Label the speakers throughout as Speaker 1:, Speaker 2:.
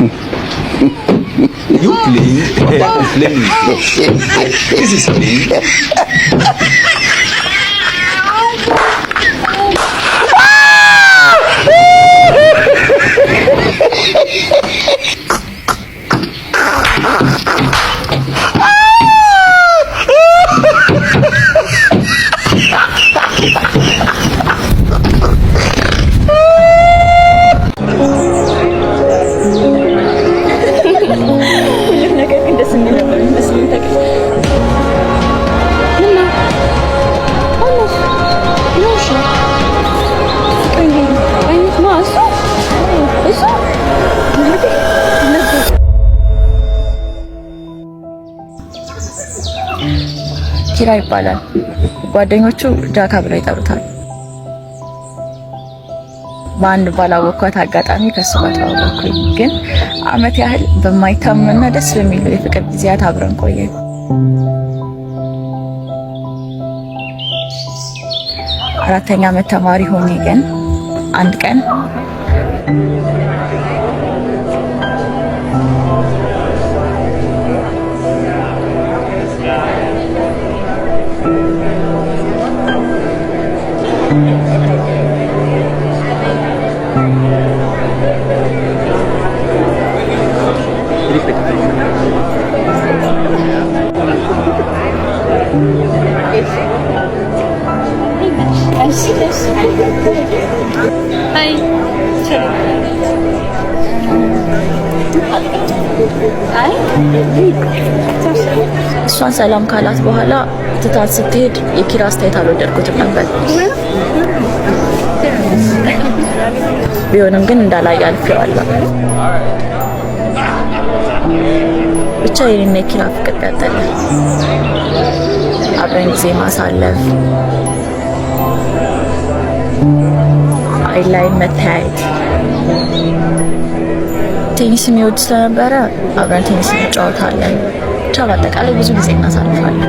Speaker 1: you playing? Papa playing. this is playing.
Speaker 2: ኪራ ይባላል። ጓደኞቹ ጃካ ብለው ይጠሩታል። በአንድ ባላወቅኳት አጋጣሚ ከሱ ጋር ተዋወቅኩኝ። ግን አመት ያህል በማይታመኑና ደስ በሚሉ የፍቅር ጊዜያት አብረን ቆየን። አራተኛ አመት ተማሪ ሆኜ ግን አንድ ቀን
Speaker 3: ባይ እሷን ሰላም ካላት በኋላ ትታት ስትሄድ የኪራ አስተያየት አልወደድኩትም ነበር። ቢሆንም ግን እንዳላይ አልፌዋለሁ። ብቻ የኔና የኪራ ፍቅር ቀጠለ። አብረን ጊዜ ማሳለፍ ኦንላይን ላይ መተያየት። ቴኒስ የሚወድ ስለነበረ አብረን ቴኒስ እንጫወታለን። ብቻ በአጠቃላይ ብዙ ጊዜ እናሳልፋለን።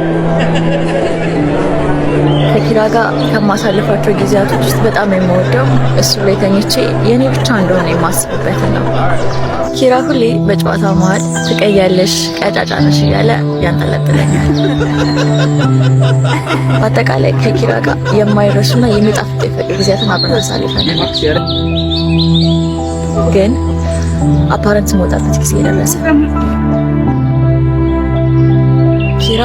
Speaker 3: ከኪራ ጋር ከማሳልፋቸው ጊዜያቶች ውስጥ በጣም የምወደው እሱ ላይ ተኝቼ የእኔ ብቻ እንደሆነ የማስብበት ነው። ኪራ ሁሌ በጨዋታ መሀል ትቀያለሽ፣ ቀጫጫነሽ እያለ ያንጠለጥለኛል። በአጠቃላይ ከኪራ ጋር የማይረሱና የሚጣፍጥ የፍቅር ጊዜያትን አብረን አሳልፈናል። ግን አፓረንት መውጣበት ጊዜ ደረሰ። ኪራ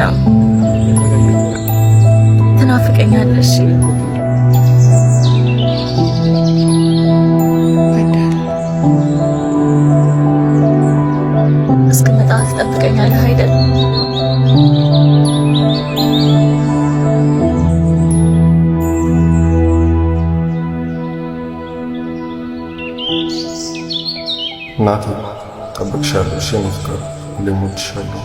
Speaker 3: ነው። ትናፍቀኛለሽ። እስክመጣ ትጠብቀኛለህ አይደል?
Speaker 4: እናቴ ጠብቅሻለሁ። እሺ፣ ፍቅር ልሞችሻለሁ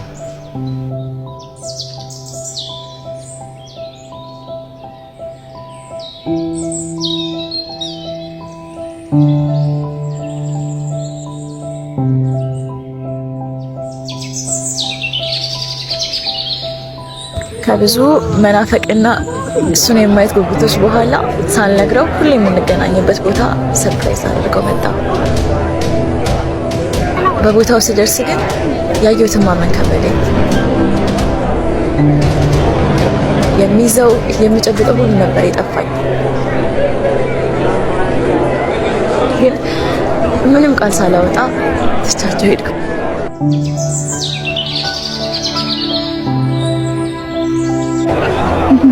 Speaker 3: ከብዙ መናፈቅና እሱን የማየት ጉጉቶች በኋላ ሳልነግረው ሁሉ የምንገናኝበት ቦታ ሰርፕራይዝ አድርገው መጣ። በቦታው ስደርስ ግን ያየሁትን ማመን ከበደኝ። የሚይዘው የሚጨብጠው ሁሉ ነበር የጠፋኝ። ቃል ሳላወጣ ትቻቸው ሄድኩ።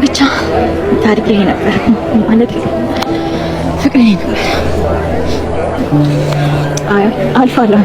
Speaker 5: ብቻ ታሪክ ላይ ነበር ማለት ፍቅር ላይ ነበር። አይ አልፋለሁ።